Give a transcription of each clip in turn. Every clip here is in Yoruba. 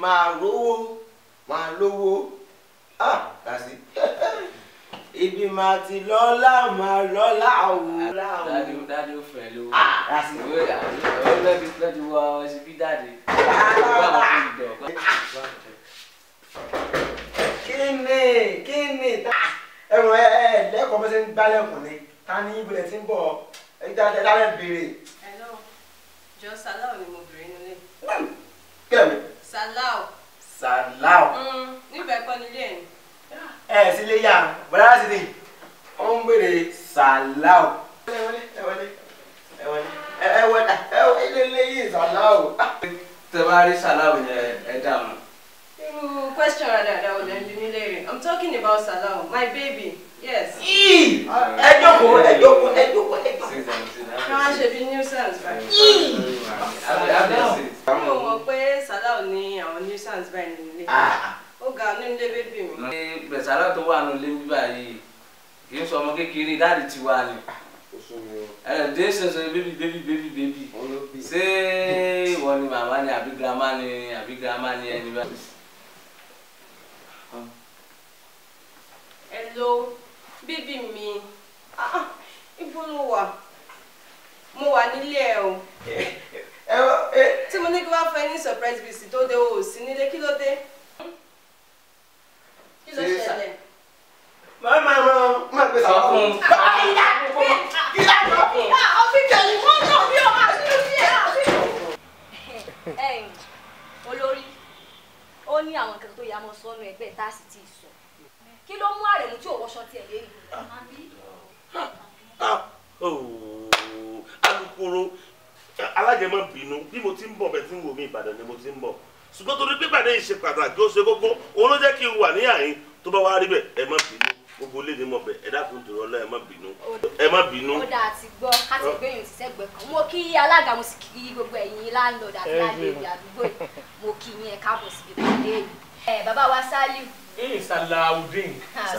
máa rówó máa lówó ah kàsí ibi máa ti lọ́lá máa lọ́lá òun. dáadé ó dáadé ó fẹ́ lówó. ah kàsí. Ah. ìwé àwọn ọlọ́bí lọ́dún wọ ọsùn bí dáadé. kí ni kí ni ẹ̀rọ ẹ̀ ẹ̀ lẹ́kọ̀ọ́ bó ṣe ń gbálẹ̀kùn ni ta ni ibùdó ti ń bọ̀ ẹ̀ dálẹ̀ béèrè. ẹ̀ lọ jọ sálọ̀ ni mo béèrè nílé. Hmm. kí lè mi salau. salau. Mm, níbẹ̀ kọ́ nílé ẹ̀. ẹ ẹ sílé yá bọ́lá sí ni ó ń béèrè salau. ẹ wọlé ẹ wọlé ẹ wọlé ẹ wọlé ẹ wọlé ilé ilé yìí salau. tẹ bá rí salau yẹn ẹ dààmú. irú question rẹ̀ dáadáa wò lẹ́nu nílé rẹ̀ i'm talking about salau my baby yes. ẹ jókòó ẹ jókòó ẹ jókòó ẹ jókòó. ṣé wàá ṣe bí nuisance báyìí. mi ò mọ̀ pé salau. aláwọ̀ ní àwọn nuisance báyìí nílé ah. ó ga ní ilé bébì mi. bẹ̀sàrà tó wà nílé bíbá yìí kì í sọ ọmọ kékeré dáàdì ti wà ní. ẹ̀ẹ́dẹ́ sọ̀sọ̀ bébì bébì bébì bébì ṣé ìwọ ni màmá ni àbí girama ni àbí girama ni ẹni bá. hello bébì mi ah, ah, ibo ló mo wà nílé ẹ o. tí mo ní kí wọ́n fún ẹ ní surprise visit tó dé o sí nílé kí ló dé. kí ló ṣẹlẹ̀. màá máa ràn máa gbèsè àwọn fún un. àwọn ìyá mi kí ló dé fún un. ọbí kẹlẹ wọn náà bí ọmọ àti ojú ẹ àbí. olórí ó ní àwọn kẹkẹ tó yà mọ sọnù ẹgbẹ tá a sì ti sọ kí ló mú àrẹ̀mú tí ò wọṣọ tiẹ̀ lé ní. Ah, ah, ah, oh, alukoro alágẹmọ bínú bí mo ti ń bọ̀ bẹ́ẹ̀ tí ń wò mí ìbàdàn ni mo ti ń bọ̀ ṣùgbọ́n torí pé ní yìí ṣe pàtàkì ó ṣe kókó òun ló jẹ́ kí n wà ní àyín tó bá wá rí bẹ́ẹ̀ ẹ bínú gbogbo léde mọ bẹ ẹ dákun tó rọlá ẹ má bínú ẹ ti gbé kan mo kí alága mo sì kí gbogbo ẹ̀yin láńlọ́ọ̀dù àti àdúgbò ẹ baba wa Saliu. Salaudeen.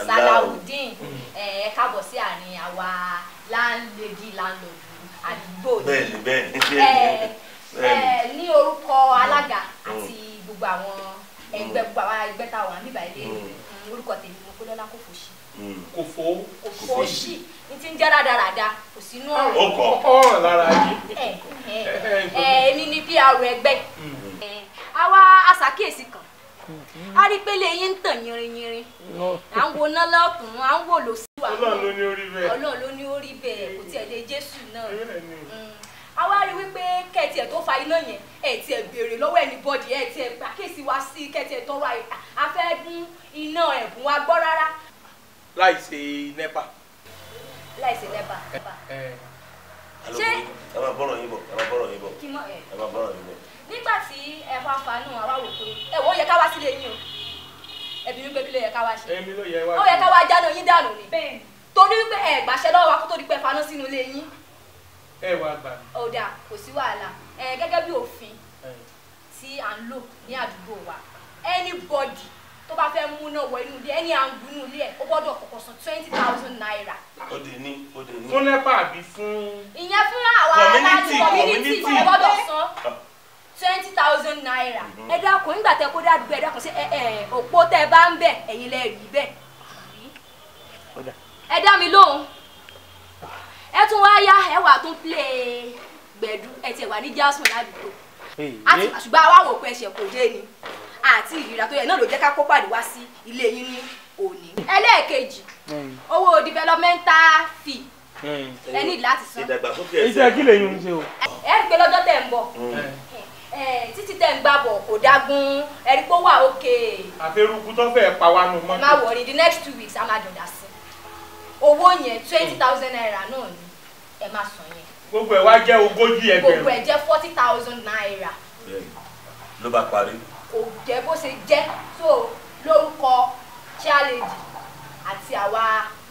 Salaudeen ẹ káàbọ̀ sí àárín àwa láńlẹ́dí láńlọ́dù àdúgbò yìí. bẹ́ẹ̀ni bẹ́ẹ̀ni bẹ́ẹ̀ni. ní orúkọ alága mm. àti gbogbo àwọn ẹgbẹ́ gbogbo àwọn ẹgbẹ́ táwọn àmì ìbàlẹ̀ mm. mm, orúkọ tèmi mo kó lọ́lá kó fò sí kò fo kò fo sí n ti ń já rádaràda kò sínú ọ̀rọ̀. ọkọ ọ̀rọ̀ lára yìí. èmi ni pr ẹgbẹ́ àwa aṣàkíyèsí kan a rí pé lè yín ń tàn yinrinyinrin à ń wo ná lọ́tún à ń wò ló sí wa ọlọ́run ló ní orí bẹ́ẹ̀ ọlọ́run ló ní orí bẹ́ẹ̀ kò tiẹ̀ lè jésù náà mm. a wá rí wípé kẹ̀tì ẹ̀ tó fa iná yẹn ẹ̀ tí ẹ̀ béèrè lọ́wọ́ ẹni bọ́dì ẹ̀ tí ẹ̀ pàkíyèsí wá sí kẹ̀tì ẹ̀ tọrọ afẹ́gún iná ẹ̀bùn wa gbọ́ rárá. láì ṣe nẹ́pà. láì ṣe nẹ́pà. Eh, eh. ṣé ẹ máa bọ́rọ̀ yín bọ̀ ẹ máa bọ́rọ̀ yín bọ̀ ẹ máa bọ́rọ̀ yín bọ̀ nígbà tí ẹ fa àǹfààní àwa wò pé ẹ̀wọ̀n ó yẹ ká wá sílé yín o ẹ̀bí wípé kí ló yẹ ká wá ṣe èmi ló yẹ wá ó yẹ ká wá jáná yín dànù ni torí wípé ẹ gbàṣẹ lọ́wọ́ wa kó tó di pé ẹ faná sínú ilé yín. ẹ wá gbà mí. ọ̀dà kò sí wàhálà gẹ́gẹ́ bí òfin tí à ń lò ní àdúgbò wa anybody tó bá fẹ́ mú náà wọ inú ilé ẹni à ń gun inú ilé ẹ̀ ó gbọ́dọ̀ kọ́kọ́ san twenty thousand naira. ó dè ní ó dè ní. fún nẹ́pà àbí fún. ìyẹn fún àwa aláàbí community community twenty thousand naira mm-hmm. ẹ dákun nígbà tẹ kó dádùgbò ẹ dákun sí ẹ ẹ òpó tẹ bá ń bẹ ẹ̀yin lẹ rí bẹ ẹ dá mi lóhùn ẹ tún wá yá ẹ wà tún plé gbẹdú ẹ tiẹ̀ wà ní jasmine ládùúgbò àti ṣùgbọ́n àwa wò pé ẹsẹ̀ kò dé ni àti ìrira tó yẹ náà ló jẹ́ ká kó pàdé wá sí ilé yín ní òní. ẹlẹ́ẹ̀kejì owó developmental fee ẹ ní láti san. ìdàgbàsókè ẹsẹ̀ ìdàgbàsókè ẹsẹ̀ kí lè yún un ṣe o. ẹ gbé lọ́jọ́ tẹ̀ ń bọ̀ títí tẹ̀ ń gbàbọ̀ kò dágún ẹ̀rí kó wà òkè. àfẹrùkù tó fẹ́ pa wa nù mọ́tò. má wọrí the next two weeks a máa jọ̀dá sí owó yẹn twenty thousand naira náà ni ẹ má san yẹn. gbogbo ẹ wá jẹ́ ogójì ẹgbẹ̀rún. gbogbo ẹ jẹ́ forty thousand naira. ló bá parí. kò jẹ́ bó ṣe jẹ́ tó lórúkọ challenge àti àwa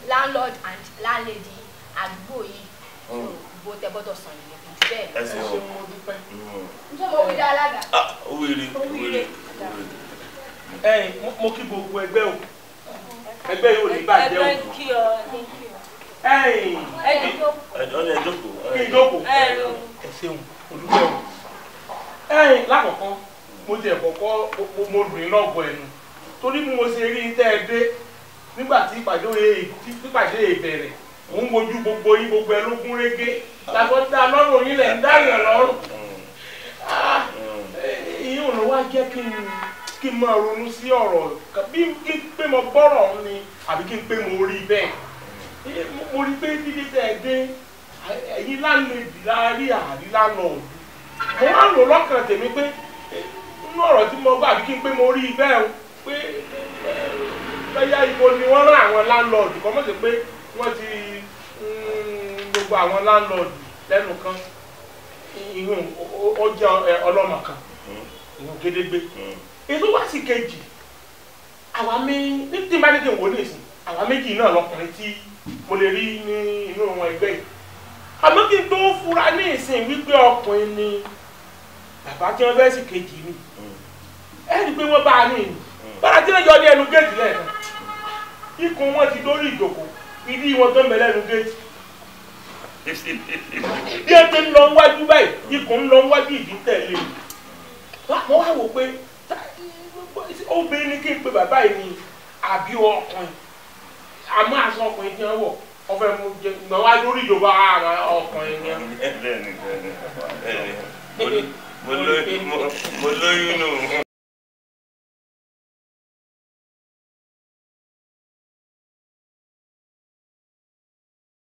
landlord and landlady àdúgbò yìí oh. bó tẹ gbọ́dọ̀ san yẹn ẹ ṣe o ǹjẹ́ mo wí dá alága. Ah, ó wíire ó wíire ẹ̀yin mo kí gbogbo ẹgbẹ́ o ẹgbẹ́ yóò ní bàjẹ́ o ẹ̀yin ẹjọ́ ìjókòó ìjókòó ẹ ṣeun olùkọ́ o ẹ̀yin lákọ̀ọ́kọ́ mo ti ẹ̀kọ́kọ́ mo lù ní lọ́gọ̀ ẹnu torí mo ṣe rí tẹ́ ẹ dé nígbà tí ìpàdé ìbẹ̀rẹ̀ ń wojú gbogbo yín gbogbo ẹ ló gún régé tàbọ̀ dá lọ́rùn yín lẹ̀ ń dáyàn lọ́rùn ah, ìyẹn ò lọ wá jẹ́ kí n kí n máa ronú sí ọ̀rọ̀ bí kí n pé mo gbọ́rọ̀ ọ̀hún ni àbí kí n pé mo rí bẹ́ẹ̀ mo rí pé dídí tẹ̀ ẹ́ dé ẹ̀yin lánàá èdè láàrí àrí lánàá òdu mo wá lò lọ́kàn tèmi pé nínú ọ̀rọ̀ tí mo gbà bí kí n pé mo rí bẹ́ẹ̀ o pé bẹ́ẹ̀ yá ibo ni wọ́n rán àwọn láńlọ́ọ̀dù kọ́ mọ̀ sí pé wọ́n ti mm, gbogbo àwọn láńlọ́ọ̀dù lẹ́nu kan ìhun ó jẹ́ ọlọ́mọ kan ìhun gédégbé ètò wá sí kejì àwa méjì ní tí n bá dédé wò ó nìsín àwa méjì náà lọkùnrin tí mo lè rí ní inú wọn ẹgbẹ́ yìí àmọ́ kí n tó fura ní ìsìn wípé ọkùnrin ni bàbá tí wọ́n fẹ́ sí kejì ni ẹ rí i pé wọ́n bá a ní ìlú bára tí wọ́n yọ ní ẹnu géètì lẹ́ẹ̀kan ikùn wọn ti dórí ìjókòó ìdí wọn tó mẹ́lẹ́ nu géètì bí ẹ ti ń lọ wájú báyìí ikùn ń lọ wájú ìdí tẹ̀lé mo wá wò pé obìnrin ní kí n pe bàbá yìí ni àbí ọkùnrin àmọ́ àṣọ ọkùnrin ti ń wọ̀ ọfẹ mu jẹ gbọ̀n wá lórí ìjọba ara ah, ọkùnrin ni. mo lóyún nù.